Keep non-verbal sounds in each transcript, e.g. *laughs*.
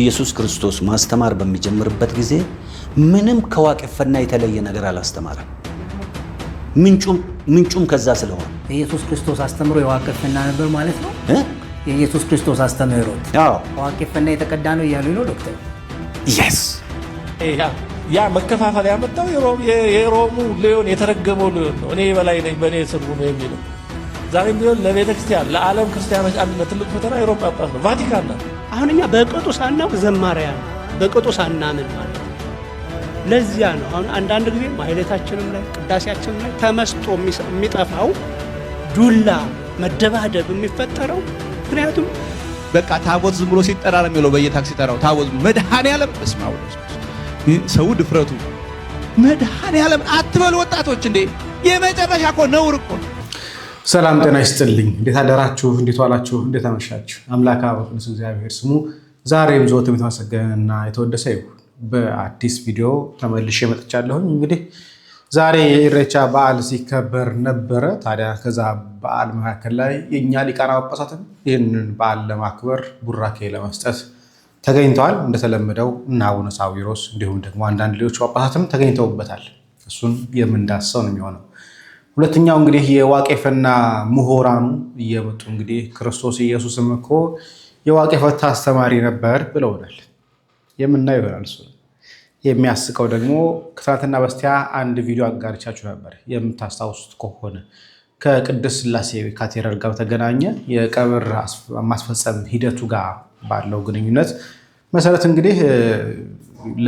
ኢየሱስ ክርስቶስ ማስተማር በሚጀምርበት ጊዜ ምንም ከዋቅፍና የተለየ ነገር አላስተማረም። ምንጩም ከዛ ስለሆነ የኢየሱስ ክርስቶስ አስተምሮ የዋቅፍና ነበር ማለት ነው። የኢየሱስ ክርስቶስ አስተምህሮት ከዋቅፍና የተቀዳ ነው እያሉ ነው ዶክተር። የስ ያ መከፋፈል ያመጣው የሮሙ ሊዮን የተረገመው ሊዮን ነው። እኔ በላይ ነኝ፣ በእኔ ስሩ ነው የሚለው ዛሬም ቢሆን ለቤተ ክርስቲያን ለዓለም ክርስቲያኖች አንድነት ትልቅ ፈተና የሮም ጳጳስ ነው፣ ቫቲካን ናት። አሁን እኛ በቅጡ ሳናውቅ ዘማሪያን በቅጡ ሳናምን ማለት ለዚያ ነው። አሁን አንዳንድ ጊዜ ማህሌታችንም ላይ ቅዳሴያችንም ላይ ተመስጦ የሚጠፋው ዱላ መደባደብ የሚፈጠረው ምክንያቱም በቃ ታቦት ዝም ብሎ ሲጠራ ነው የሚለው በየታክሲ ጠራው ታቦት መድኃኔዓለም በስመ አብ ሰው ድፍረቱ መድኃኔዓለም አትበሉ ወጣቶች እንዴ የመጨረሻ እኮ ነውር እኮ ሰላም ጤና ይስጥልኝ። እንዴት አደራችሁ? እንዴት ዋላችሁ? እንዴት አመሻችሁ? አምላክ ቅዱስ እግዚአብሔር ስሙ ዛሬም ዘወትም የተመሰገነና የተወደሰ ይሁን። በአዲስ ቪዲዮ ተመልሼ መጥቻለሁኝ። እንግዲህ ዛሬ የኢሬቻ በዓል ሲከበር ነበረ። ታዲያ ከዛ በዓል መካከል ላይ የእኛ ሊቃነ ጳጳሳትም ይህንን በዓል ለማክበር ቡራኬ ለመስጠት ተገኝተዋል። እንደተለመደው እና አቡነ ሳዊሮስ እንዲሁም ደግሞ አንዳንድ ሌሎች ጳጳሳትም ተገኝተውበታል። እሱን የምንዳሰው ነው የሚሆነው ሁለተኛው እንግዲህ የዋቄፈና ምሁራኑ እየመጡ እንግዲህ ክርስቶስ ኢየሱስም እኮ የዋቄፈታ አስተማሪ ነበር ብለውናል። የምናየው ይሆናል እሱ። የሚያስቀው ደግሞ ከትናንትና በስቲያ አንድ ቪዲዮ አጋርቻችሁ ነበር የምታስታውሱት ከሆነ ከቅድስት ስላሴ ካቴድራል ጋር በተገናኘ የቀብር ማስፈጸም ሂደቱ ጋር ባለው ግንኙነት መሰረት እንግዲህ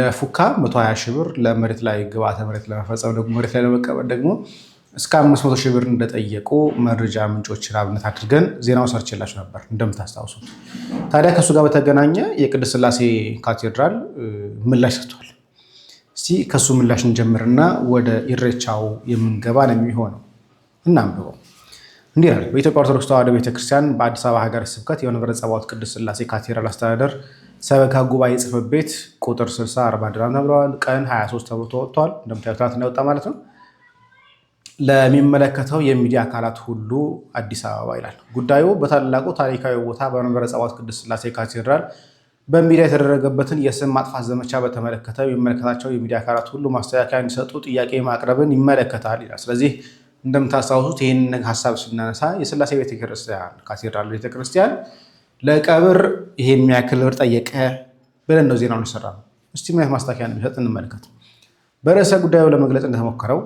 ለፉካ 120 ሺህ ብር ለመሬት ላይ ግብዓተ መሬት ለመፈጸም ደግሞ መሬት ላይ ለመቀበል ደግሞ እስከ አምስት መቶ ሺህ ብር እንደጠየቁ መረጃ ምንጮች አብነት አድርገን ዜናው ሰርች የላቸው ነበር እንደምታስታውሱት። ታዲያ ከእሱ ጋር በተገናኘ የቅድስት ስላሴ ካቴድራል ምላሽ ሰጥቷል። እስቲ ከእሱ ምላሽ እንጀምርና ወደ ኢሬቻው የምንገባ ነው የሚሆነው። እናንብበው። እንዲህ ይላል። በኢትዮጵያ ኦርቶዶክስ ተዋሕዶ ቤተክርስቲያን በአዲስ አበባ ሀገረ ስብከት የመንበረ ጸባዖት ቅድስት ስላሴ ካቴድራል አስተዳደር ሰበካ ጉባኤ ጽሕፈት ቤት ቁጥር 60 40 ድራም ተብለዋል። ቀን 23 ተብሎ ወጥቷል። እንደምታዩት ትናንትና ወጣ ማለት ነው ለሚመለከተው የሚዲያ አካላት ሁሉ አዲስ አበባ ይላል። ጉዳዩ በታላቁ ታሪካዊ ቦታ በመንበረ ጸባዖት ቅድስት ሥላሴ ካቴድራል በሚዲያ የተደረገበትን የስም ማጥፋት ዘመቻ በተመለከተ የሚመለከታቸው የሚዲያ አካላት ሁሉ ማስተካከያ እንዲሰጡ ጥያቄ ማቅረብን ይመለከታል ይላል። ስለዚህ እንደምታስታውሱት ይህን ሀሳብ ስናነሳ የሥላሴ ቤተክርስቲያን ካቴድራል ቤተክርስቲያን ለቀብር ይሄን የሚያክል ብር ጠየቀ ብለን ነው ዜናውን የሰራ ነው። እስቲ ማስታከያ እንደሚሰጥ እንመልከት። በርዕሰ ጉዳዩ ለመግለጽ እንደተሞከረው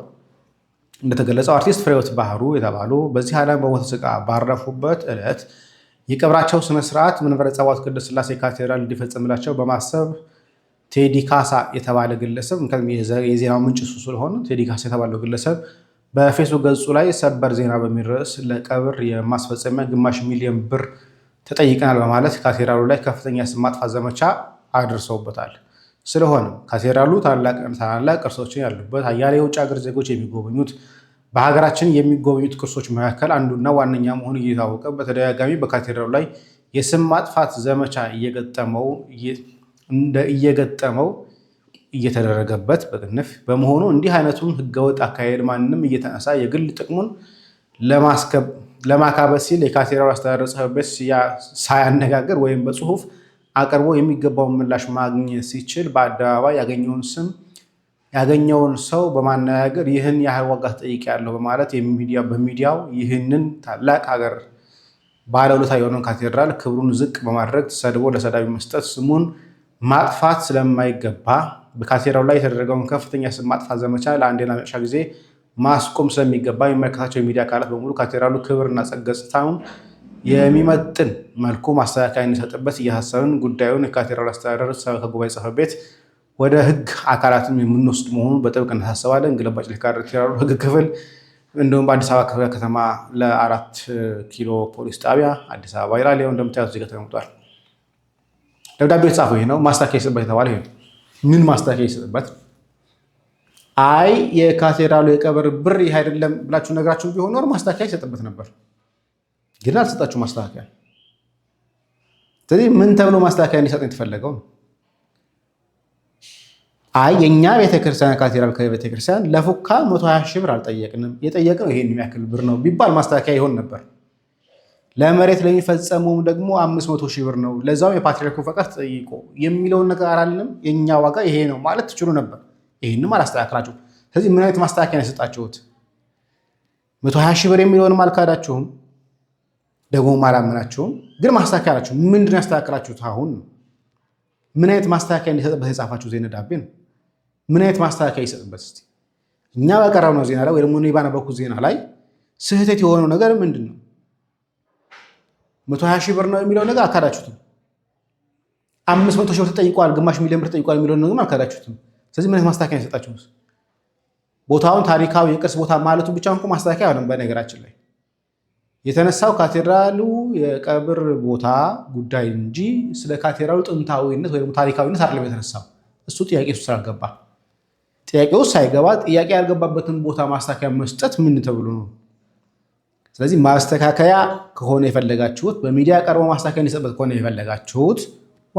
እንደተገለጸው አርቲስት ፍሬወት ባህሩ የተባሉ በዚህ ዓለም በሞተ ስቃ ባረፉበት ዕለት የቀብራቸው ስነስርዓት መንበረ ጸባዖት ቅድስት ስላሴ ካቴድራል እንዲፈጽምላቸው በማሰብ ቴዲ ካሳ የተባለ ግለሰብ የዜናው ምንጭ እሱ ስለሆነ ቴዲ ካሳ የተባለው ግለሰብ በፌስቡክ ገጹ ላይ ሰበር ዜና በሚል ርዕስ ለቀብር የማስፈጸሚያ ግማሽ ሚሊዮን ብር ተጠይቀናል በማለት ካቴድራሉ ላይ ከፍተኛ ስም ማጥፋት ዘመቻ አድርሰውበታል። ስለሆነም ካቴድራሉ ታላላቅ ቅርሶችን ያሉበት አያሌ የውጭ ሀገር ዜጎች የሚጎበኙት በሀገራችን የሚጎበኙት ቅርሶች መካከል አንዱና ዋነኛ መሆኑ እየታወቀ በተደጋጋሚ በካቴድራሉ ላይ የስም ማጥፋት ዘመቻ እየገጠመው እየተደረገበት በቅንፍ በመሆኑ እንዲህ አይነቱን ህገወጥ አካሄድ ማንም እየተነሳ የግል ጥቅሙን ለማካበት ሲል የካቴድራሉ አስተዳደር ጽሕፈት ቤት ሳያነጋገር ወይም በጽሁፍ አቅርቦ የሚገባውን ምላሽ ማግኘት ሲችል በአደባባይ ያገኘውን ስም ያገኘውን ሰው በማነጋገር ይህን ያህል ዋጋ ተጠይቄያለሁ በማለት በሚዲያው ይህንን ታላቅ ሀገር ባለውለታ የሆነውን ካቴድራል ክብሩን ዝቅ በማድረግ ሰድቦ ለሰዳቢ መስጠት ስሙን ማጥፋት ስለማይገባ በካቴድራሉ ላይ የተደረገውን ከፍተኛ ስም ማጥፋት ዘመቻ ለአንዴና መጨረሻ ጊዜ ማስቆም ስለሚገባ የሚመለከታቸው የሚዲያ አካላት በሙሉ ካቴድራሉ ክብርና ጸገጽታውን የሚመጥን መልኩ ማስተካከያ እንዲሰጥበት እያሳሰብን ጉዳዩን የካቴድራል አስተዳደር ከጉባኤ ጽሕፈት ቤት ወደ ህግ አካላትም የምንወስድ መሆኑን በጥብቅ እናሳስባለን። ግለባጭ ካቴድራሉ ህግ ክፍል እንዲሁም በአዲስ አበባ ክፍለ ከተማ ለአራት ኪሎ ፖሊስ ጣቢያ አዲስ አበባ ይላል። ይኸው እንደምታዩት ዜጋ ተቀምጧል። ደብዳቤ የተጻፈው ይሄ ነው። ማስተካከያ ይሰጥበት የተባለ ይሄ ምን ማስተካከያ ይሰጥበት? አይ የካቴድራሉ የቀብር ብር ይህ አይደለም ብላችሁ ነግራችሁ ቢሆን ኖር ማስተካከያ ይሰጥበት ነበር። ግን አልሰጣችሁ ማስተካከያ። ስለዚህ ምን ተብሎ ማስተካከያ እንዲሰጥ የተፈለገው አይ የእኛ ቤተክርስቲያን ካቴድራል ከቤተክርስቲያን ለፉካ መቶ ሀያ ሺህ ብር አልጠየቅንም የጠየቅነው ይሄን የሚያክል ብር ነው ቢባል ማስተካከያ ይሆን ነበር። ለመሬት ለሚፈጸሙም ደግሞ አምስት ሺህ ብር ነው ለዛውም የፓትሪያርኩ ፈቃድ ተጠይቆ የሚለውን ነገር አላልንም። የእኛ ዋጋ ይሄ ነው ማለት ትችሉ ነበር። ይህንም አላስተካከላችሁም። ስለዚህ ምን አይነት ማስተካከያ ነው የሰጣችሁት? መቶ ሺህ ብር የሚለውንም አልካዳችሁም። ደግሞም አላመናቸውም። ግን ማስተካከያ አላቸው። ምንድን ያስተካከላችሁት? አሁን ምን አይነት ማስተካከያ እንዲሰጥበት የጻፋችሁ ዜና ዳቤ ነው? ምን አይነት ማስተካከያ ይሰጥበት? እስኪ እኛ በቀረብነው ዜና ላይ ወይ ደግሞ ባነበኩት ዜና ላይ ስህተት የሆነው ነገር ምንድን ነው? መቶ ሀያ ሺህ ብር ነው የሚለው ነገር አካዳችሁትም። አምስት መቶ ሺህ ብር ተጠይቋል፣ ግማሽ ሚሊዮን ብር ተጠይቋል የሚለው ነገር አካዳችሁትም። ስለዚህ ምን አይነት ማስተካከያ ይሰጣችሁ? ቦታውን ታሪካዊ የቅርስ ቦታ ማለቱ ብቻ እንኳ ማስተካከያ አይሆንም በነገራችን ላይ የተነሳው ካቴድራሉ የቀብር ቦታ ጉዳይ እንጂ ስለ ካቴድራሉ ጥንታዊነት ወይም ታሪካዊነት አይደለም የተነሳው። እሱ ጥያቄ ውስጥ ስላልገባ ጥያቄ ውስጥ ሳይገባ ጥያቄ ያልገባበትን ቦታ ማስተካከያ መስጠት ምን ተብሎ ነው? ስለዚህ ማስተካከያ ከሆነ የፈለጋችሁት በሚዲያ ቀርቦ ማስተካከያ እንዲሰጥበት ከሆነ የፈለጋችሁት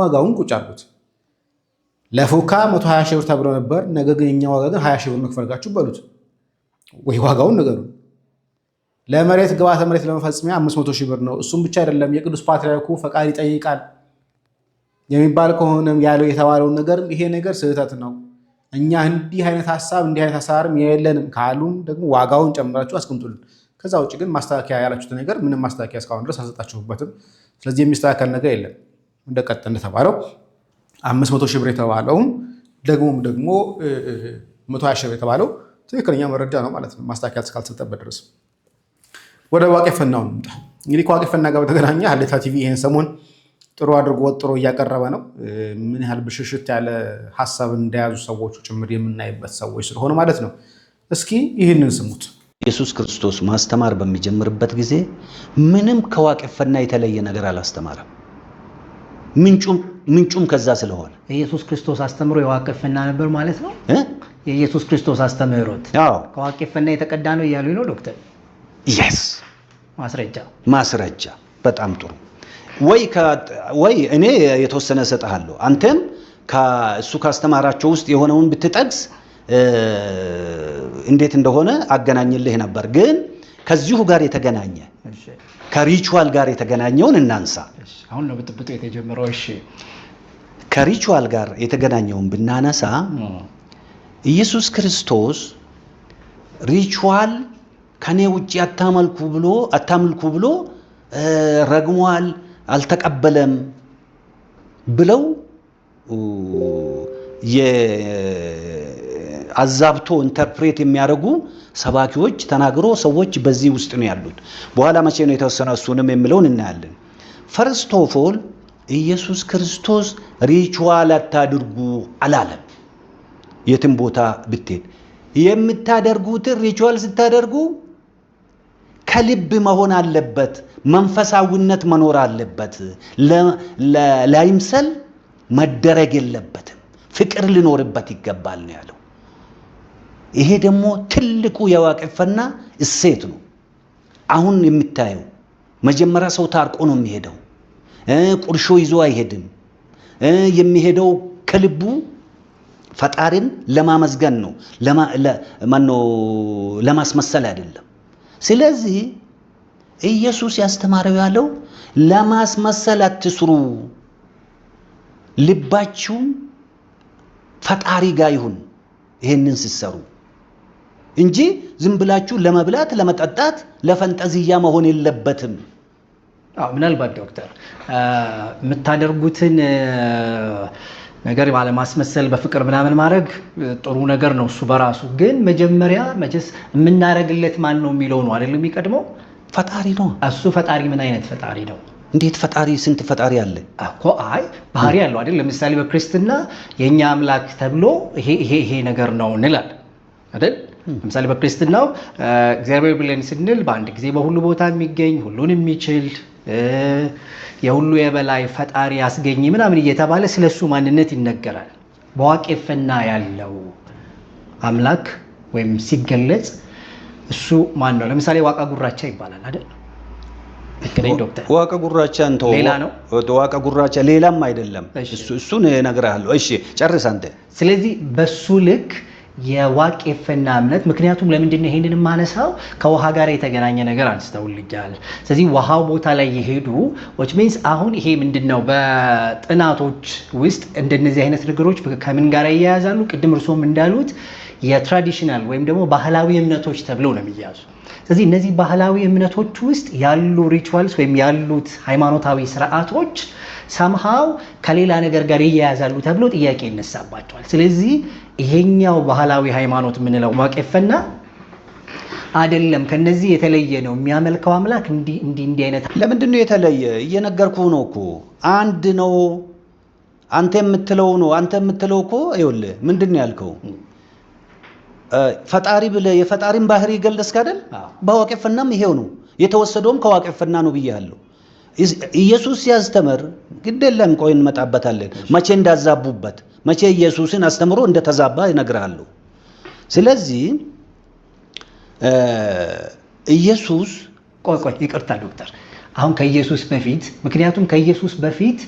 ዋጋውን ቁጭ አድርጉት። ለፉካ 120 ሺህ ብር ተብሎ ነበር። ነገር ግን የኛ ዋጋ ግን 20 ሺህ ብር መክፈልጋችሁ በሉት ወይ ዋጋውን ነገሩ ለመሬት ግብዓተ መሬት ለመፈጸሚያ አምስት መቶ ሺህ ብር ነው። እሱም ብቻ አይደለም የቅዱስ ፓትርያርኩ ፈቃድ ይጠይቃል የሚባል ከሆነም ያለው የተባለውን ነገርም ይሄ ነገር ስህተት ነው። እኛ እንዲህ አይነት ሀሳብ እንዲህ አይነት ሀሳብም የለንም ካሉም ደግሞ ዋጋውን ጨምራችሁ አስቀምጡልን። ከዛ ውጭ ግን ማስተካከያ ያላችሁት ነገር ምንም ማስተካከያ እስካሁን ድረስ አልሰጣችሁበትም። ስለዚህ የሚስተካከል ነገር የለም። እንደቀጥ እንደተባለው 500 መቶ ሺህ ብር የተባለውም ደግሞም ደግሞ 120 ሺህ ብር የተባለው ትክክለኛ መረጃ ነው ማለት ነው ማስተካከያ እስካልተሰጠበት ድረስ ወደ ዋቄፈናው እንምጣ። እንግዲህ ከዋቄፈና ጋር በተገናኘ ሀሌታ ቲቪ ይህን ሰሞን ጥሩ አድርጎ ወጥሮ እያቀረበ ነው። ምን ያህል ብሽሽት ያለ ሀሳብ እንደያዙ ሰዎቹ ጭምር የምናይበት ሰዎች ስለሆነ ማለት ነው። እስኪ ይህንን ስሙት። ኢየሱስ ክርስቶስ ማስተማር በሚጀምርበት ጊዜ ምንም ከዋቄፈና የተለየ ነገር አላስተማረም። ምንጩም ከዛ ስለሆነ የኢየሱስ ክርስቶስ አስተምሮ የዋቄፈና ነበር ማለት ነው። የኢየሱስ ክርስቶስ አስተምህሮት ከዋቄፈና የተቀዳ ነው እያሉ ነው ዶክተር የስ ማስረጃ ማስረጃ። በጣም ጥሩ። ወይ እኔ የተወሰነ እሰጥሃለሁ፣ አንተም እሱ ካስተማራቸው ውስጥ የሆነውን ብትጠቅስ እንዴት እንደሆነ አገናኝልህ ነበር። ግን ከዚሁ ጋር የተገናኘ ከሪቹዋል ጋር የተገናኘውን እናንሳ። አሁን ነው ብጥብጡ የተጀመረው። እሺ፣ ከሪቹዋል ጋር የተገናኘውን ብናነሳ ኢየሱስ ክርስቶስ ሪቹዋል ከኔ ውጪ አታመልኩ ብሎ አታምልኩ ብሎ ረግሟል፣ አልተቀበለም ብለው አዛብቶ ኢንተርፕሬት የሚያደርጉ ሰባኪዎች ተናግሮ ሰዎች በዚህ ውስጥ ነው ያሉት። በኋላ መቼ ነው የተወሰነው? እሱንም የሚለውን እናያለን። ፈርስት ኦፍ ኦል ኢየሱስ ክርስቶስ ሪቹዋል አታድርጉ አላለም። የትም ቦታ ብትሄድ የምታደርጉትን ሪችዋል ስታደርጉ ከልብ መሆን አለበት። መንፈሳዊነት መኖር አለበት። ላይምሰል መደረግ የለበትም። ፍቅር ሊኖርበት ይገባል ነው ያለው። ይሄ ደግሞ ትልቁ የዋቅፈና እሴት ነው። አሁን የምታየው መጀመሪያ ሰው ታርቆ ነው የሚሄደው። ቁርሾ ይዞ አይሄድም። የሚሄደው ከልቡ ፈጣሪን ለማመስገን ነው፣ ለማስመሰል አይደለም። ስለዚህ ኢየሱስ ያስተማረው ያለው ለማስመሰል አትስሩ፣ ልባችሁ ፈጣሪ ጋር ይሁን ይሄንን ሲሰሩ እንጂ ዝም ብላችሁ ለመብላት፣ ለመጠጣት፣ ለፈንጠዝያ መሆን የለበትም። ምናልባት ዶክተር የምታደርጉትን ነገር ባለማስመሰል በፍቅር ምናምን ማድረግ ጥሩ ነገር ነው እሱ በራሱ ግን መጀመሪያ መቼስ የምናደርግለት ማን ነው የሚለው ነው አይደለም የሚቀድመው ፈጣሪ ነው እሱ ፈጣሪ ምን አይነት ፈጣሪ ነው እንዴት ፈጣሪ ስንት ፈጣሪ አለ እኮ አይ ባህሪ ያለው አይደል ለምሳሌ በክርስትና የእኛ አምላክ ተብሎ ይሄ ይሄ ነገር ነው እንላል አይደል ለምሳሌ በክርስትናው እግዚአብሔር ብለን ስንል በአንድ ጊዜ በሁሉ ቦታ የሚገኝ ሁሉን የሚችል የሁሉ የበላይ ፈጣሪ አስገኝ ምናምን እየተባለ ስለ እሱ ማንነት ይነገራል። በዋቄፈና ያለው አምላክ ወይም ሲገለጽ እሱ ማን ነው? ለምሳሌ ዋቃ ጉራቻ ይባላል አይደል? ዋቃ ጉራቻ እንተው፣ ጉራቻ ሌላም አይደለም። እሱ እሱን እነግርሃለሁ። እሺ ጨርስ አንተ። ስለዚህ በሱ ልክ የዋቄፈና እምነት ምክንያቱም ለምንድነው ይሄንን የማነሳው ከውሃ ጋር የተገናኘ ነገር አንስተውልኛል። ስለዚህ ውሃው ቦታ ላይ የሄዱ ዎች ሚንስ አሁን ይሄ ምንድነው በጥናቶች ውስጥ እንደነዚህ አይነት ነገሮች ከምን ጋር ይያያዛሉ ቅድም እርሶም እንዳሉት የትራዲሽናል ወይም ደግሞ ባህላዊ እምነቶች ተብለው ነው የሚያዙ። ስለዚህ እነዚህ ባህላዊ እምነቶች ውስጥ ያሉ ሪችዋልስ ወይም ያሉት ሃይማኖታዊ ስርዓቶች ሰምሃው ከሌላ ነገር ጋር ይያያዛሉ ተብሎ ጥያቄ ይነሳባቸዋል። ስለዚህ ይሄኛው ባህላዊ ሃይማኖት የምንለው ዋቄፈና አይደለም፣ ከነዚህ የተለየ ነው የሚያመልከው አምላክ እንዲህ እንዲህ አይነት። ለምንድን ነው የተለየ? እየነገርኩ ነው እኮ አንድ ነው። አንተ የምትለው ነው። አንተ የምትለው እኮ ይኸውልህ፣ ምንድን ነው ያልከው? ፈጣሪ ብለህ የፈጣሪን ባህሪ ገለጽክ አይደል? በዋቄፈናም ይሄው ነው የተወሰደውም ከዋቄፈና ነው ብያለሁ። ኢየሱስ ሲያስተምር ግድ የለም ቆይ እንመጣበታለን፣ መቼ እንዳዛቡበት መቼ ኢየሱስን አስተምሮ እንደተዛባ ይነግራሉ። ስለዚህ ኢየሱስ ቆይ ቆይ ይቅርታ ዶክተር አሁን ከኢየሱስ በፊት ምክንያቱም ከኢየሱስ በፊት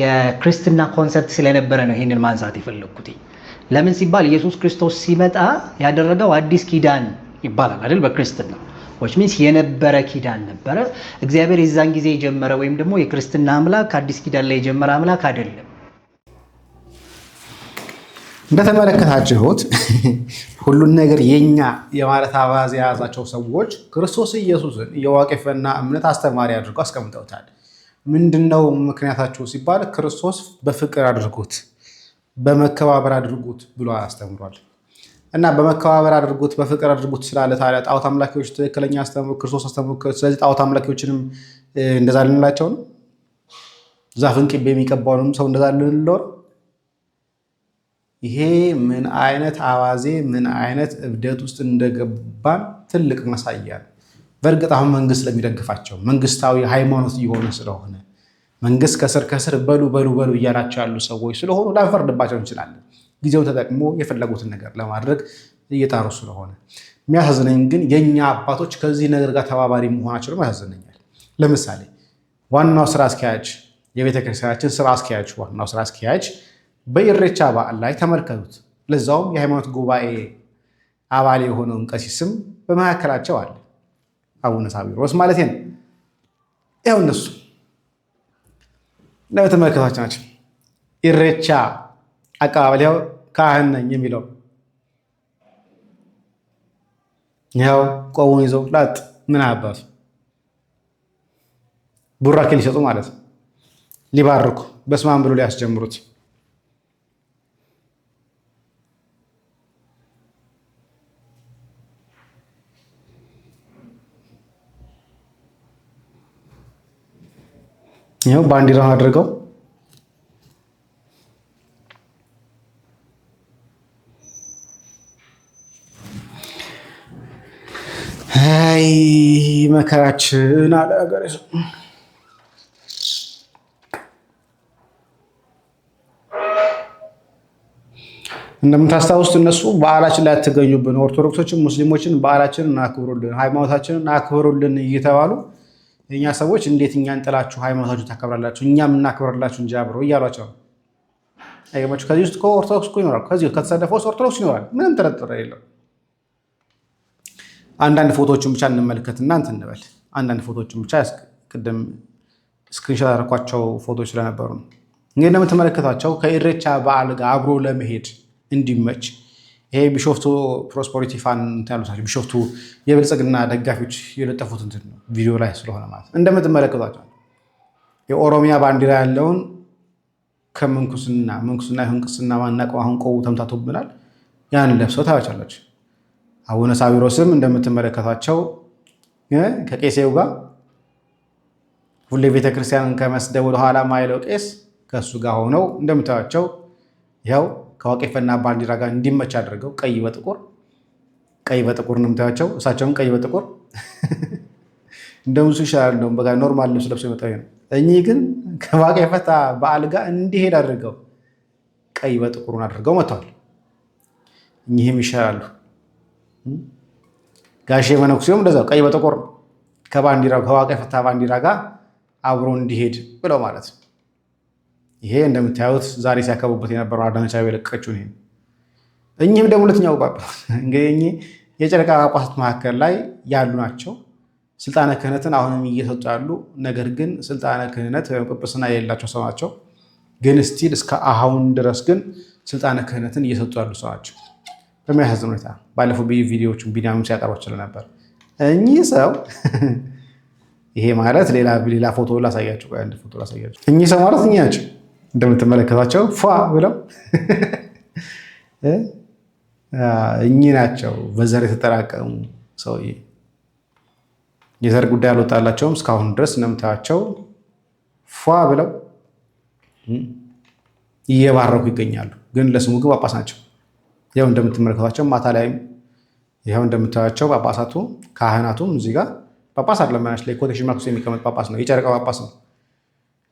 የክርስትና ኮንሰፕት ስለነበረ ነው ይህንን ማንሳት የፈለግኩት። ለምን ሲባል ኢየሱስ ክርስቶስ ሲመጣ ያደረገው አዲስ ኪዳን ይባላል አይደል? በክርስትና ዎች ሚንስ የነበረ ኪዳን ነበረ። እግዚአብሔር የዛን ጊዜ የጀመረ ወይም ደግሞ የክርስትና አምላክ አዲስ ኪዳን ላይ የጀመረ አምላክ አይደለም። እንደተመለከታችሁት ሁሉን ነገር የኛ የማለት አባዜ የያዛቸው ሰዎች ክርስቶስ ኢየሱስን የዋቄፈና እምነት አስተማሪ አድርጎ አስቀምጠውታል። ምንድነው ምክንያታቸው ሲባል ክርስቶስ በፍቅር አድርጉት፣ በመከባበር አድርጉት ብሎ አስተምሯል። እና በመከባበር አድርጉት፣ በፍቅር አድርጉት ስላለ ታዲያ ጣዖት አምላኪዎች ትክክለኛ አስተምሮ ክርስቶስ አስተምሩ። ስለዚህ ጣዖት አምላኪዎችንም እንደዛ ልንላቸው ነው? ዛፍን ቅቤ የሚቀባውንም ሰው እንደዛ ልንለው ነው? ይሄ ምን አይነት አዋዜ ምን አይነት እብደት ውስጥ እንደገባን ትልቅ ማሳያ ነው። በእርግጥ አሁን መንግስት ለሚደግፋቸው መንግስታዊ ሃይማኖት እየሆነ ስለሆነ መንግስት ከስር ከስር በሉ በሉ በሉ እያላቸው ያሉ ሰዎች ስለሆኑ ላንፈርድባቸው እንችላለን። ጊዜው ተጠቅሞ የፈለጉትን ነገር ለማድረግ እየጣሩ ስለሆነ የሚያሳዝነኝ ግን የእኛ አባቶች ከዚህ ነገር ጋር ተባባሪ መሆናቸው ያሳዝነኛል። ለምሳሌ ዋናው ስራ አስኪያጅ የቤተክርስቲያናችን ስራ አስኪያጅ ዋናው ስራ አስኪያጅ በኢሬቻ በዓል ላይ ተመልከቱት። ለዛውም የሃይማኖት ጉባኤ አባል የሆነውን ቀሲስ ስም በመካከላቸው አለ፣ አቡነ ሳዊሮስ ማለት ነው። ያው እነሱ ለተመለከቷቸው ናቸው። ኢሬቻ አቀባበል ያው ካህን ነኝ የሚለው ያው ቆቡን ይዘው ላጥ ምን አባቱ ቡራኬ ሊሰጡ ማለት ነው። ሊባርኩ በስማም ብሎ ሊያስጀምሩት ይኸው ባንዲራ አድርገው አይ መከራችን አለ ሀገር እንደምታስታውሱት እነሱ በዓላችን ላይ አትገኙብን፣ ኦርቶዶክሶችን ሙስሊሞችን በዓላችንን አክብሩልን፣ ሃይማኖታችንን አክብሩልን እየተባሉ እኛ ሰዎች እንዴት እኛን ጥላችሁ ሃይማኖታችሁ ታከብራላችሁ እኛ የምናከብርላችሁ እንጂ አብሮ እያሏቸው ነው። አይገባችሁ። ከዚህ ውስጥ ኦርቶዶክስ ይኖራል። ከዚህ ከተሰለፈው ውስጥ ኦርቶዶክስ ይኖራል። ምንም ጥርጥር የለው። አንዳንድ ፎቶዎችን ብቻ እንመልከት እና እንትን እንበል። አንዳንድ ፎቶዎችን ብቻ ቅድም ስክሪንሾት ያደረኳቸው ፎቶዎች ስለነበሩ ነው። እንግዲህ እንደምትመለከታቸው ከኢሬቻ በዓል ጋር አብሮ ለመሄድ እንዲመች ይሄ ቢሾፍቱ ፕሮስፐሪቲ ፋን ያሉታቸው ቢሾፍቱ የብልጽግና ደጋፊዎች የለጠፉት ቪዲዮ ላይ ስለሆነ ማለት ነው። እንደምትመለከቷቸው የኦሮሚያ ባንዲራ ያለውን ከምንኩስና ምንኩስና ይሁን ቅስና አሁን ቆቡ ተምታቶብናል። ያን ለብሰው ታያቻለች። አቡነ ሳዊሮስም እንደምትመለከቷቸው ከቄሴው ጋር ሁሌ ቤተክርስቲያንን ከመስደብ ወደኋላ ማይለው ቄስ ከእሱ ጋር ሆነው እንደምታያቸው ይኸው ከዋቄፈና ባንዲራ ጋር እንዲመች አድርገው ቀይ በጥቁር ቀይ በጥቁር ነው የምታያቸው። እሳቸውም ቀይ በጥቁር እንደ ይሻላል። እንደውም በጋ ኖርማል ልብስ ለብሶ ይመጣ ነው። እኚህ ግን ከዋቄፈታ በዓል ጋር እንዲሄድ አድርገው ቀይ በጥቁሩን አድርገው መጥተዋል። እኚህም ይሻላሉ። ጋሼ መነኩሴውም እንደዛው ቀይ በጥቁር ከባንዲራ ፈታ ባንዲራ ጋር አብሮ እንዲሄድ ብለው ማለት ነው። ይሄ እንደምታዩት ዛሬ ሲያከቡበት የነበረው አዳነች አቤቤ የለቀቀችው ይሄ ነው። እኚህም ደግሞ ሁለተኛው ጳጳስ እንግዲህ እኚህ የጨረቃ ጳጳሳት መካከል ላይ ያሉ ናቸው። ስልጣነ ክህነትን አሁንም እየሰጡ ያሉ ነገር ግን ስልጣነ ክህነት ወይም ጵጵስና የሌላቸው ሰው ናቸው። ግን ስቲል እስከ አሁን ድረስ ግን ስልጣነ ክህነትን እየሰጡ ያሉ ሰው ናቸው። በሚያሳዝን ሁኔታ ባለፉት ቪዲዮዎቹን ቢኒያምም ሲያቀርባቸው ስለነበር እኚህ ሰው *laughs* ይሄ ማለት ሌላ ፎቶ ላሳያቸው፣ አንድ ፎቶ ላሳያቸው። እኚህ ሰው ማለት እኚህ ናቸው። እንደምትመለከታቸው ፏ ብለው እኚህ ናቸው። በዘር የተጠራቀሙ ሰውዬ የዘር ጉዳይ አልወጣላቸውም። እስካሁን ድረስ እንደምታያቸው ፏ ብለው እየባረኩ ይገኛሉ። ግን ለስሙ ግን ጳጳስ ናቸው። ያው እንደምትመለከቷቸው ማታ ላይም ይኸው እንደምታያቸው ጳጳሳቱ ካህናቱም እዚህ ጋር ጳጳስ አለመናች ላይ ኮቴሽን ማርክ የሚቀመጥ ጳጳስ ነው። የጨረቃ ጳጳስ ነው።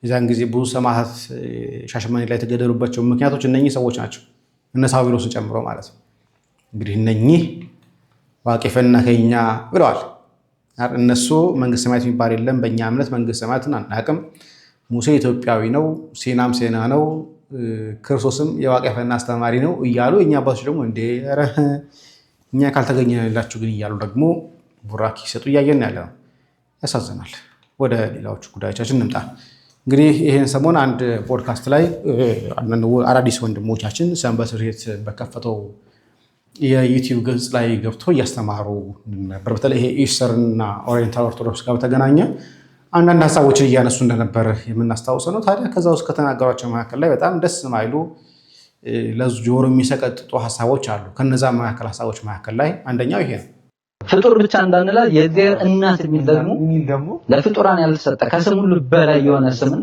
የዛን ጊዜ ብዙ ሰማዕታት ሻሸመኔ ላይ የተገደሉባቸው ምክንያቶች እነኚህ ሰዎች ናቸው። እነ ሳዊሮስን ጨምሮ ማለት ነው። እንግዲህ እነኚህ ዋቄፈና ከኛ ብለዋል። እነሱ መንግስት ሰማያት የሚባል የለም፣ በእኛ እምነት መንግስት ሰማያትን አናቅም። ሙሴ ኢትዮጵያዊ ነው፣ ሲናም ሴና ነው፣ ክርስቶስም የዋቄፈና አስተማሪ ነው እያሉ የእኛ አባቶች ደግሞ እንደ ኧረ እኛ ካልተገኘ ላችሁ ግን እያሉ ደግሞ ቡራኪ ሲሰጡ እያየን ያለ ነው። ያሳዝናል። ወደ ሌላዎቹ ጉዳዮቻችን እንምጣ። እንግዲህ ይህን ሰሞን አንድ ፖድካስት ላይ አዳዲስ ወንድሞቻችን ሰንበት ሬት በከፈተው የዩቲዩብ ገጽ ላይ ገብቶ እያስተማሩ ነበር። በተለይ ይሄ ኢስተርንና ኦሪየንታል ኦርቶዶክስ ጋር በተገናኘ አንዳንድ ሀሳቦችን እያነሱ እንደነበር የምናስታውሰ ነው። ታዲያ ከዛ ውስጥ ከተናገሯቸው መካከል ላይ በጣም ደስ ማይሉ ለጆሮ የሚሰቀጥጡ ሀሳቦች አሉ። ከነዛ መካከል ሀሳቦች መካከል ላይ አንደኛው ይሄ ነው። ፍጡር ብቻ እንዳንላ የእግዚአብሔር እናት የሚል ደግሞ ለፍጡራን ያልተሰጠ ከስም ሁሉ በላይ የሆነ ስምን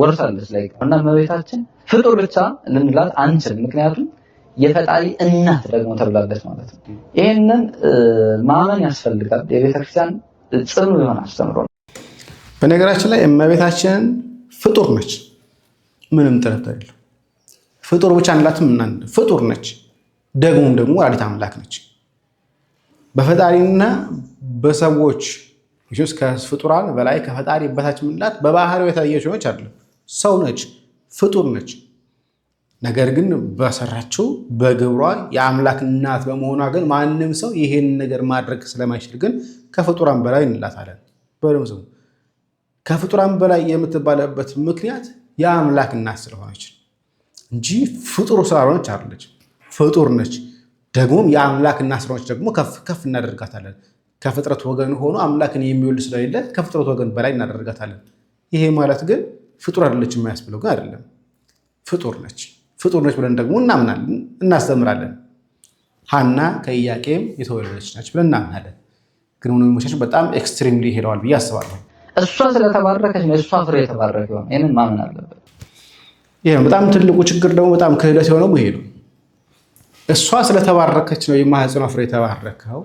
ወርሳለች ላይ እና እመቤታችን ፍጡር ብቻ ልንላት አንችል። ምክንያቱም የፈጣሪ እናት ደግሞ ተብላለች ማለት ነው። ይህንን ማመን ያስፈልጋል። የቤተክርስቲያን ጽኑ የሆነ አስተምሮ ነው። በነገራችን ላይ እመቤታችን ፍጡር ነች፣ ምንም ጥርጥር የለው። ፍጡር ብቻ እንላትም ፍጡር ነች። ደግሞም ደግሞ ወላዲተ አምላክ ነች። በፈጣሪና በሰዎች ኢየሱስ ከፍጡራን በላይ ከፈጣሪ በታች ምላት በባህሪው የተለየች ሰዎች አለ ሰው ነች፣ ፍጡር ነች። ነገር ግን በሰራችው በግብሯ የአምላክ እናት በመሆኗ ግን ማንም ሰው ይህን ነገር ማድረግ ስለማይችል ግን ከፍጡራን በላይ እንላታለን። በደም ሰው ከፍጡራን በላይ የምትባለበት ምክንያት የአምላክ እናት ስለሆነች እንጂ ፍጡር ስላልሆነች አለች ፍጡር ነች። ደግሞም የአምላክና ስራዎች ደግሞ ከፍ ከፍ እናደርጋታለን። ከፍጥረት ወገን ሆኖ አምላክን የሚወልድ ስለሌለ ከፍጥረት ወገን በላይ እናደርጋታለን። ይሄ ማለት ግን ፍጡር አይደለች የማያስብለው ግን አይደለም፣ ፍጡር ነች። ፍጡር ነች ብለን ደግሞ እናምናለን፣ እናስተምራለን። ሀና ከኢያቄም የተወለደች ነች ብለን እናምናለን። ግን ወንድሞቻችን በጣም ኤክስትሪምሊ ሄደዋል ብዬ አስባለሁ። እሷ ስለተባረከች ነው እሷ ፍሬ የተባረከ ይሄንን ማመን አለበት። ይሄ በጣም ትልቁ ችግር ደግሞ በጣም ክህደት የሆነው ይሄ ነው። እሷ ስለተባረከች ነው የማህፀኗ ፍሬ የተባረከው።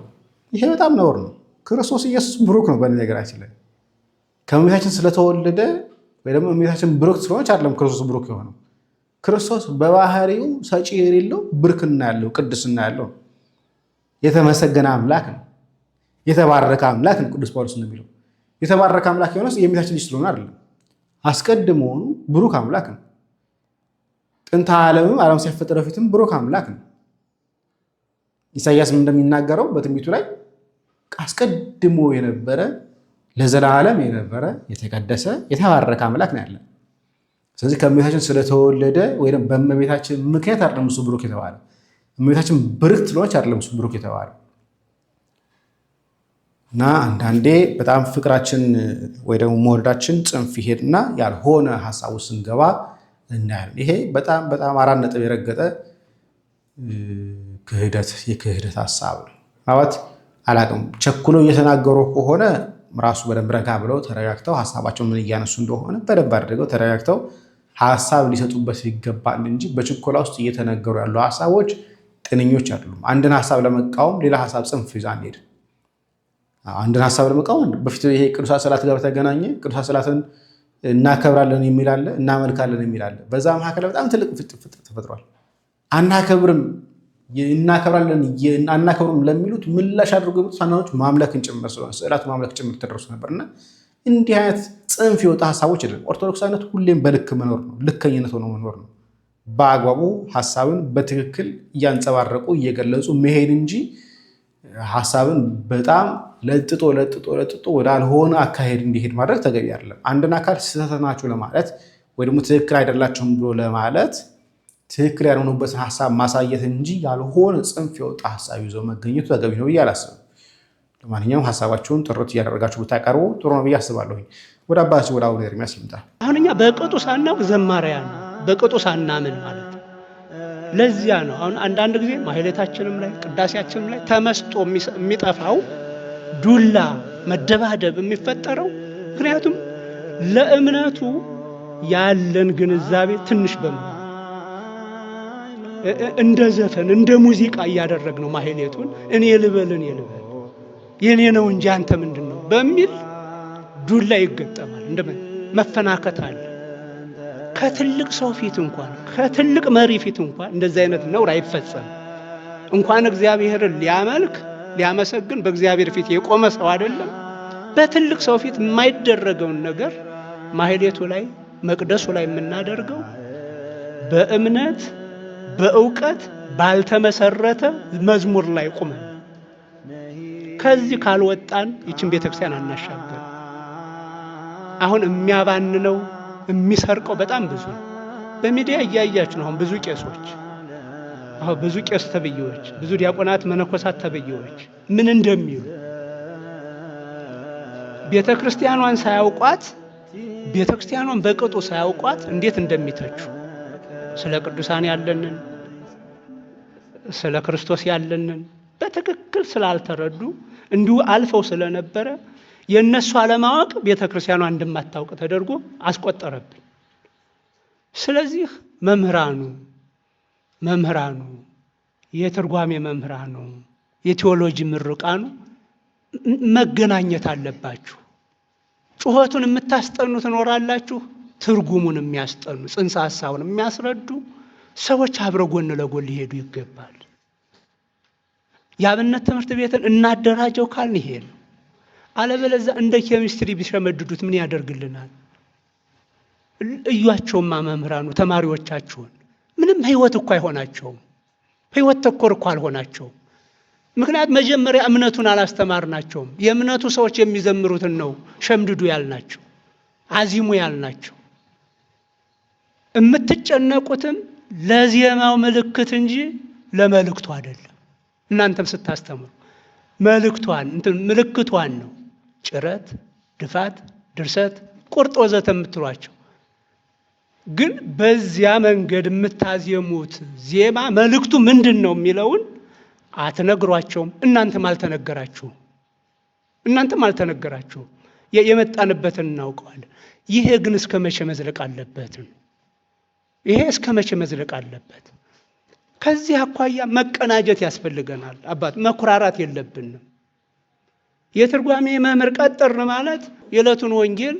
ይሄ በጣም ነውር ነው። ክርስቶስ ኢየሱስ ብሩክ ነው። በነገራችን ላይ ከእመቤታችን ስለተወለደ ወይ ደግሞ እመቤታችን ብሩክ ስለሆነች አይደለም ክርስቶስ ብሩክ የሆነው። ክርስቶስ በባህሪው ሰጪ የሌለው ብርክና ያለው ቅድስና ያለው የተመሰገነ አምላክ ነው። የተባረከ አምላክ ነው። ቅዱስ ጳውሎስ እንደሚለው የተባረከ አምላክ የሆነ የእመቤታችን ልጅ ስለሆነ አይደለም። አስቀድሞውኑ ብሩክ አምላክ ነው። ጥንታ ዓለምም ዓለም ሲያፈጠረ ፊትም ብሩክ አምላክ ነው። ኢሳያስም እንደሚናገረው በትንቢቱ ላይ አስቀድሞ የነበረ ለዘላለም የነበረ የተቀደሰ የተባረከ አምላክ ነው ያለን። ስለዚህ ከእመቤታችን ስለተወለደ ወይም በእመቤታችን ምክንያት አይደለም እሱ ብሩክ የተባለ እመቤታችን ብርክት ስለሆነች አይደለም እሱ ብሩክ የተባለ እና አንዳንዴ በጣም ፍቅራችን ወይ ደግሞ መወደዳችን ጽንፍ ይሄድና ያልሆነ ሀሳቡ ስንገባ እናያለን። ይሄ በጣም በጣም አራት ነጥብ የረገጠ ክህደት የክህደት ሀሳብ ነው ማለት አላቅም። ቸኩለው እየተናገሩ ከሆነ ራሱ በደንብ ረጋ ብለው ተረጋግተው ሀሳባቸው ምን እያነሱ እንደሆነ በደንብ አድርገው ተረጋግተው ሀሳብ ሊሰጡበት ይገባል እንጂ በችኮላ ውስጥ እየተነገሩ ያሉ ሀሳቦች ጤነኞች አይደሉም። አንድን ሀሳብ ለመቃወም ሌላ ሀሳብ ጽንፍ ይዛ ሄድ አንድን ሀሳብ ለመቃወም በፊት ይሄ ቅዱሳት ስዕላት ጋር በተገናኘ ቅዱሳት ስዕላትን እናከብራለን የሚላለ እናመልካለን የሚላለ በዛ መካከል በጣም ትልቅ ፍጥፍጥ ተፈጥሯል። አናከብርም እናከብራለን አናከብሩም ለሚሉት ምላሽ አድርጎ የመጡት አንዳንዶች ማምለክን ጭምር ስለሆነ ስዕላት ማምለክ ጭምር ተደርሶ ነበርና እንዲህ አይነት ጽንፍ የወጣ ሀሳቦች አይደለም። ኦርቶዶክሳዊነት ሁሌም በልክ መኖር ነው፣ ልከኝነት ሆኖ መኖር ነው። በአግባቡ ሀሳብን በትክክል እያንጸባረቁ እየገለጹ መሄድ እንጂ ሀሳብን በጣም ለጥጦ ለጥጦ ለጥጦ አልሆነ አካሄድ እንዲሄድ ማድረግ ተገቢ አይደለም። አንድን አካል ስህተት ናችሁ ለማለት ወይ ደግሞ ትክክል አይደላችሁም ብሎ ለማለት ትክክል ያልሆኑበት ሀሳብ ማሳየት እንጂ ያልሆነ ጽንፍ የወጣ ሀሳብ ይዞ መገኘቱ ተገቢ ነው ብዬ አላስብም። ለማንኛውም ሀሳባችሁን ጥርት እያደረጋችሁ ብታቀርቡ ጥሩ ነው ብዬ አስባለሁ ወደ አባታችን ወደ አቡነ ኤርሚያስ ይምጣ። አሁን እኛ በቅጡ ሳናውቅ ዘማሪያ ነው፣ በቅጡ ሳናምን ማለት ነው። ለዚያ ነው አሁን አንዳንድ ጊዜ ማህሌታችንም ላይ ቅዳሴያችንም ላይ ተመስጦ የሚጠፋው ዱላ መደባደብ የሚፈጠረው ምክንያቱም ለእምነቱ ያለን ግንዛቤ ትንሽ በመሆኑ እንደ ዘፈን እንደ ሙዚቃ እያደረግ ነው ማህሌቱን እኔ ልበል እኔ ልበል የኔ ነው እንጂ አንተ ምንድን ነው በሚል ዱላ ይገጠማል። እንደ መፈናከት አለ። ከትልቅ ሰው ፊት እንኳን ከትልቅ መሪ ፊት እንኳን እንደዚህ አይነት ነውር አይፈጸም። እንኳን እግዚአብሔርን ሊያመልክ ሊያመሰግን በእግዚአብሔር ፊት የቆመ ሰው አይደለም። በትልቅ ሰው ፊት የማይደረገውን ነገር ማህሌቱ ላይ መቅደሱ ላይ የምናደርገው በእምነት በእውቀት ባልተመሰረተ መዝሙር ላይ ቁመን ከዚህ ካልወጣን ይችን ቤተክርስቲያን አናሻገር። አሁን የሚያባንነው የሚሰርቀው በጣም ብዙ ነው። በሚዲያ እያያችሁ ነው። አሁን ብዙ ቄሶች፣ አሁን ብዙ ቄስ ተብዬዎች፣ ብዙ ዲያቆናት፣ መነኮሳት ተብዬዎች ምን እንደሚሉ ቤተ ክርስቲያኗን ሳያውቋት ቤተ ክርስቲያኗን በቅጡ ሳያውቋት እንዴት እንደሚተቹ ስለ ቅዱሳን ያለንን ስለ ክርስቶስ ያለንን በትክክል ስላልተረዱ እንዲሁ አልፈው ስለነበረ የእነሱ አለማወቅ ቤተ ክርስቲያኗ እንደማታውቅ ተደርጎ አስቆጠረብን። ስለዚህ መምህራኑ መምህራኑ የትርጓሜ መምህራኑ የቴዎሎጂ ምርቃኑ መገናኘት አለባችሁ። ጩኸቱን የምታስጠኑ ትኖራላችሁ። ትርጉሙን የሚያስጠኑ ጽንሰ ሀሳቡን የሚያስረዱ ሰዎች አብረ ጎን ለጎን ሊሄዱ ይገባል። የአብነት ትምህርት ቤትን እናደራጀው ካልን ይሄ ነው። አለበለዚያ እንደ ኬሚስትሪ ቢሸመድዱት ምን ያደርግልናል? እዩዋቸውማ መምህራኑ ተማሪዎቻችሁን ምንም ህይወት እኮ አይሆናቸውም። ህይወት ተኮር እኮ አልሆናቸውም። ምክንያት መጀመሪያ እምነቱን አላስተማርናቸውም። የእምነቱ ሰዎች የሚዘምሩትን ነው ሸምድዱ ያልናቸው፣ አዚሙ ያልናቸው። የምትጨነቁትም ለዜማው ምልክት እንጂ ለመልእክቱ አይደለም። እናንተም ስታስተምሩ መልእክቷን እንትን ምልክቷን ነው ጭረት፣ ድፋት፣ ድርሰት፣ ቁርጥ ወዘተ የምትሏቸው ግን በዚያ መንገድ የምታዜሙት ዜማ መልእክቱ ምንድን ነው የሚለውን አትነግሯቸውም። እናንተም አልተነገራችሁ? እናንተም አልተነገራችሁም። የመጣንበትን እናውቀዋለን። ይሄ ግን እስከ መቼ መዝለቅ አለበትም? ይሄ እስከ መቼ መዝለቅ አለበት? ከዚህ አኳያ መቀናጀት ያስፈልገናል። አባት መኩራራት የለብንም። የትርጓሜ መምህር ቀጠርን ማለት የዕለቱን ወንጌል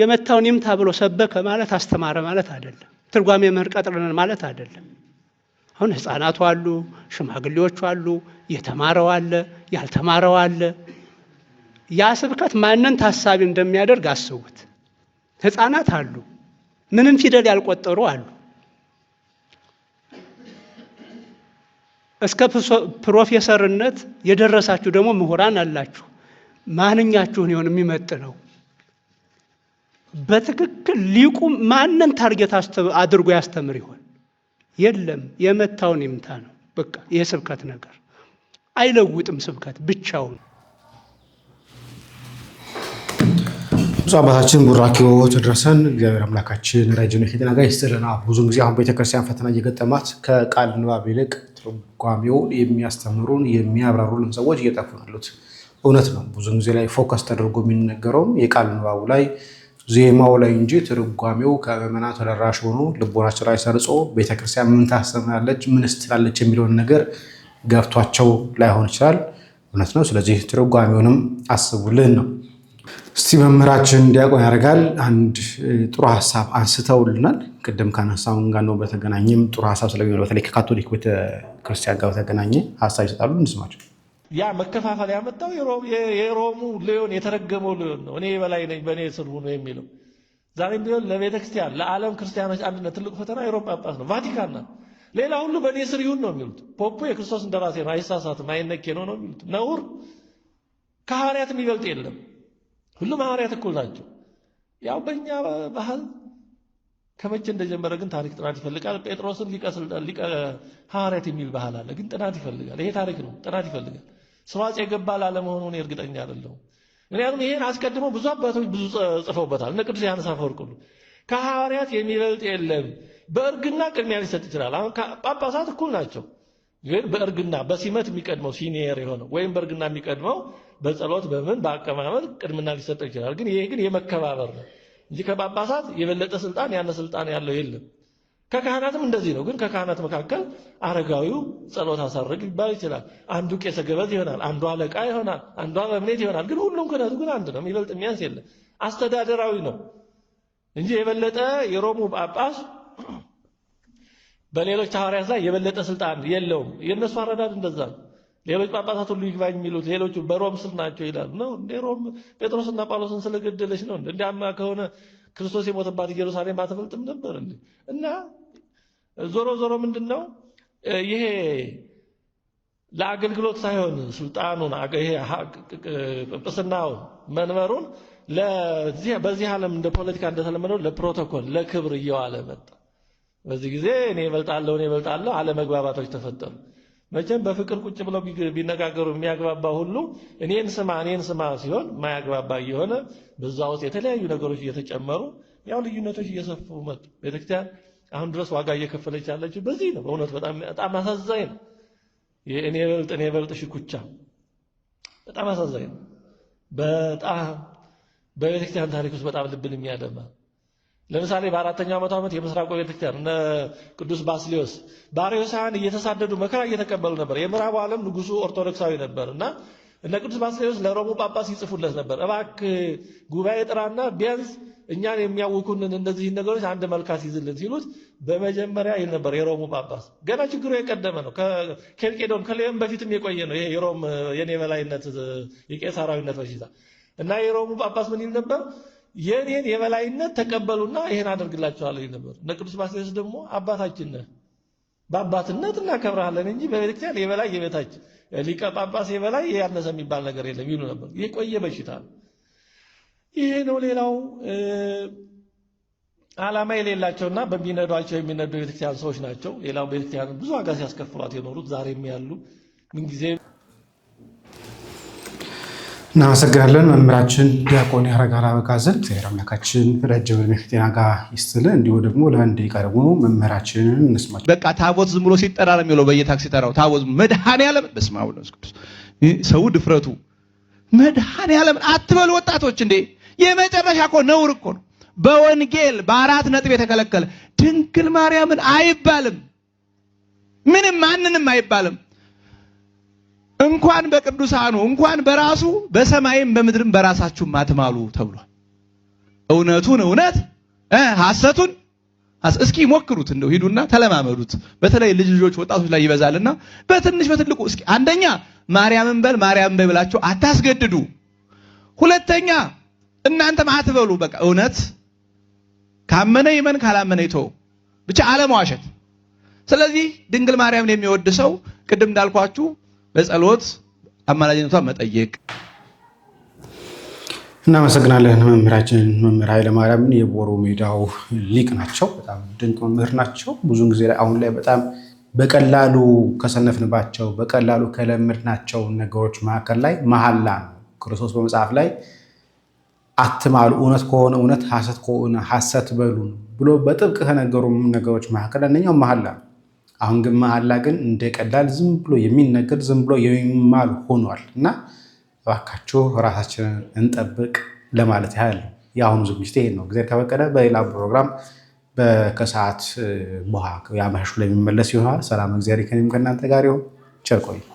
የመታውን ይምታ ብሎ ሰበከ ማለት አስተማረ ማለት አይደለም። ትርጓሜ መምህር ቀጥረናል ማለት አይደለም። አሁን ሕፃናቱ አሉ፣ ሽማግሌዎቹ አሉ፣ የተማረው አለ፣ ያልተማረው አለ። ያ ስብከት ማንን ታሳቢ እንደሚያደርግ አስቡት። ሕፃናት አሉ ምንም ፊደል ያልቆጠሩ አሉ። እስከ ፕሮፌሰርነት የደረሳችሁ ደግሞ ምሁራን አላችሁ። ማንኛችሁን ይሆን የሚመጥነው? በትክክል ሊቁ ማንን ታርጌት አድርጎ ያስተምር ይሆን? የለም፣ የመታውን ይምታ ነው። በቃ የስብከት ነገር አይለውጥም። ስብከት ብቻውን ብዙ አባታችን ቡራኪዎ ተደረሰን እግዚአብሔር አምላካችን ረጅም የጤና ጋር ይስጥልና። ብዙን ጊዜ አሁን ቤተክርስቲያን ፈተና እየገጠማት ከቃል ንባብ ይልቅ ትርጓሜውን የሚያስተምሩን የሚያብራሩልን ሰዎች እየጠፉ ያሉት። እውነት ነው። ብዙን ጊዜ ላይ ፎከስ ተደርጎ የሚነገረውም የቃል ንባቡ ላይ ዜማው ላይ እንጂ ትርጓሜው ከምዕመናን ተደራሽ ሆኖ ልቦናቸው ላይ ሰርጾ ቤተክርስቲያን ምን ታስተምራለች፣ ምንስ ትላለች የሚለውን ነገር ገብቷቸው ላይሆን ይችላል። እውነት ነው። ስለዚህ ትርጓሜውንም አስቡልን ነው እስቲ መምህራችን ዲያቆን ያደርጋል አንድ ጥሩ ሀሳብ አንስተውልናል። ቅድም ከሀሳቡን ጋር ነው በተገናኘም ጥሩ ሀሳብ ስለሚሆ በተለይ ከካቶሊክ ቤተክርስቲያን ጋር በተገናኘ ሀሳብ ይሰጣሉ፣ እንስማቸው። ያ መከፋፈል ያመጣው የሮሙ ሊዮን የተረገመው ሊዮን ነው። እኔ በላይ ነኝ በእኔ ስር ሁኑ የሚለው ዛሬም ቢሆን ለቤተክርስቲያን ለዓለም ክርስቲያኖች አንድነት ትልቁ ፈተና የሮም ጳጳስ ነው፣ ቫቲካን ናት። ሌላ ሁሉ በእኔ ስር ይሁን ነው የሚሉት። ፖፖ የክርስቶስ እንደራሴ ነው፣ አይሳሳትም፣ አይነኬ ነው ነው የሚሉት። ነውር ከሐዋርያት የሚበልጥ የለም። ሁሉም ሐዋርያት እኩል ናቸው። ያው በእኛ ባህል ከመቼ እንደጀመረ ግን ታሪክ ጥናት ይፈልጋል። ጴጥሮስን ሊቀ ሐዋርያት የሚል ባህል አለ፣ ግን ጥናት ይፈልጋል። ይሄ ታሪክ ነው፣ ጥናት ይፈልጋል። ስዋጽ የገባ ላለመሆኑ እኔ እርግጠኛ አይደለሁም። ምክንያቱም ይሄን አስቀድመው ብዙ አባቶች ብዙ ጽፈውበታል። እነ ቅዱስ ዮሐንስ አፈወርቅ ከሐዋርያት የሚበልጥ የለም። በእርግና ቅድሚያ ሊሰጥ ይችላል። አሁን ጳጳሳት እኩል ናቸው፣ ግን በእርግና በሲመት የሚቀድመው ሲኒየር የሆነው ወይም በእርግና የሚቀድመው በጸሎት በምን በአቀማመጥ ቅድምና ሊሰጠው ይችላል። ግን ይሄ ግን የመከባበር ነው እንጂ ከጳጳሳት የበለጠ ስልጣን ያነ ስልጣን ያለው የለም። ከካህናትም እንደዚህ ነው። ግን ከካህናት መካከል አረጋዊው ጸሎት አሳርግ ሊባል ይችላል። አንዱ ቄሰ ገበዝ ይሆናል፣ አንዱ አለቃ ይሆናል፣ አንዷ በእምነት ይሆናል። ግን ሁሉም ክህነቱ ግን አንድ ነው። የሚበልጥ የሚያንስ የለም። አስተዳደራዊ ነው እንጂ የበለጠ የሮሙ ጳጳስ በሌሎች ሐዋርያት ላይ የበለጠ ስልጣን የለውም። የእነሱ አረዳድ እንደዛ ነው። ሌሎች ጳጳሳት ሁሉ ይግባኝ የሚሉት ሌሎቹ በሮም ስር ናቸው ይላሉ። ነው እንደ ሮም ጴጥሮስና ጳውሎስን ስለገደለች ነው። እንዲያማ ከሆነ ክርስቶስ የሞተባት ኢየሩሳሌም አትበልጥም ነበር እ እና ዞሮ ዞሮ ምንድን ነው ይሄ ለአገልግሎት ሳይሆን ስልጣኑን ጵጵስናው መንበሩን በዚህ ዓለም እንደ ፖለቲካ እንደተለመደው ለፕሮቶኮል ለክብር እየዋለ መጣ። በዚህ ጊዜ እኔ እበልጣለሁ እኔ እበልጣለሁ አለመግባባቶች ተፈጠሩ። መቼም በፍቅር ቁጭ ብለው ቢነጋገሩ የሚያግባባ ሁሉ እኔን ስማ እኔን ስማ ሲሆን ማያግባባ እየሆነ በዛ ውስጥ የተለያዩ ነገሮች እየተጨመሩ ያው ልዩነቶች እየሰፉ መጡ። ቤተክርስቲያን አሁን ድረስ ዋጋ እየከፈለች ያለችው በዚህ ነው። በእውነት በጣም አሳዛኝ ነው። የእኔ በልጥ እኔ በልጥ ሽኩቻ በጣም አሳዛኝ ነው። በጣም በቤተክርስቲያን ታሪክ ውስጥ በጣም ልብን የሚያደማ ለምሳሌ በአራተኛው መቶ ዓመት የምስራቁ ቤተክርስቲያን እነ ቅዱስ ባስሊዮስ ባሪዮሳን እየተሳደዱ መከራ እየተቀበሉ ነበር። የምዕራቡ ዓለም ንጉሱ ኦርቶዶክሳዊ ነበር እና እነ ቅዱስ ባስሌዎስ ለሮሙ ጳጳስ ይጽፉለት ነበር። እባክ ጉባኤ ጥራና ቢያንስ እኛን የሚያውኩንን እነዚህ ነገሮች አንድ መልካስ ይዝልን ሲሉት በመጀመሪያ ይል ነበር የሮሙ ጳጳስ። ገና ችግሩ የቀደመ ነው። ከኬልቄዶን ከሌም በፊትም የቆየ ነው። ይሄ የሮም የኔ በላይነት የቄሳራዊነት በሽታ እና የሮሙ ጳጳስ ምን ይል ነበር? የእኔን የበላይነት ተቀበሉና ይሄን አደርግላችኋለሁ ነበር። እነ ቅዱስ ባስልዮስ ደግሞ አባታችን ነህ፣ በአባትነት እናከብረሃለን እንጂ በቤተክርስቲያን የበላይ የበታች ሊቀ ጳጳስ የበላይ ያነሰ የሚባል ነገር የለም ይሉ ነበር። ይህ ቆየ በሽታ ይሄ ነው። ሌላው ዓላማ የሌላቸውና በሚነዷቸው የሚነዱ የቤተክርስቲያን ሰዎች ናቸው። ሌላው ቤተክርስቲያን ብዙ ዋጋ ሲያስከፍሏት የኖሩት ዛሬም ያሉ ምንጊዜ እናመሰግናለን መምህራችን ዲያቆን ያረጋል አበጋዘን እግዚአብሔር አምላካችን ረጅም ዕድሜ ከጤና ጋር ይስጥልን። እንዲሁ ደግሞ ለአንድ ደቂቃ ደግሞ መምህራችንን እንስማቸው። በቃ ታቦት ዝም ብሎ ሲጠራ ነው የሚውለው። በየታክሲ ጠራው ታቦት መድኃኔዓለም በስመ አብ ወወልድ ወመንፈስ ቅዱስ ሰው ድፍረቱ መድኃኔዓለም አትበሉ ወጣቶች። እንዴ የመጨረሻ እኮ ነውር እኮ ነው። በወንጌል በአራት ነጥብ የተከለከለ ድንግል ማርያምን አይባልም። ምንም ማንንም አይባልም። እንኳን በቅዱሳኑ እንኳን በራሱ በሰማይም በምድርም በራሳችሁም አትማሉ ተብሏል። እውነቱን እውነት ሐሰቱን እስኪ ሞክሩት፣ እንደው ሂዱና ተለማመዱት። በተለይ ልጅ ልጆች ወጣቶች ላይ ይበዛልና በትንሽ በትልቁ እስኪ አንደኛ ማርያምን በል ማርያም በል ብላችሁ አታስገድዱ። ሁለተኛ እናንተም አትበሉ። በቃ እውነት ካመነ ይመን ካላመነ ይቶ ብቻ አለመዋሸት። ስለዚህ ድንግል ማርያምን የሚወድ ሰው ቅድም እንዳልኳችሁ በጸሎት አማላጅነቷን መጠየቅ። እናመሰግናለን መምህራችን መምህር ኃይለማርያምን የቦሮ ሜዳው ሊቅ ናቸው። በጣም ድንቅ መምህር ናቸው። ብዙን ጊዜ አሁን ላይ በጣም በቀላሉ ከሰነፍንባቸው በቀላሉ ከለምድናቸው ነገሮች መካከል ላይ መሐላ ነው። ክርስቶስ በመጽሐፍ ላይ አትማሉ፣ እውነት ከሆነ እውነት፣ ሐሰት ከሆነ ሐሰት በሉ ብሎ በጥብቅ ከነገሩ ነገሮች መካከል አንደኛው መሐላ ነው። አሁን ግን መሐላ ግን እንደ ቀላል ዝም ብሎ የሚነገር ዝም ብሎ የሚማል ሆኗል እና እባካችሁ ራሳችንን እንጠብቅ ለማለት ያህል የአሁኑ ዝግጅት ይሄ ነው። ጊዜ ከፈቀደ በሌላ ፕሮግራም ከሰዓት በኋላ የአመሻሹ ላይ የሚመለስ ይሆናል። ሰላም፣ እግዚአብሔር ከእኔም ከእናንተ ጋር ይሁን። ቸር ቆዩ።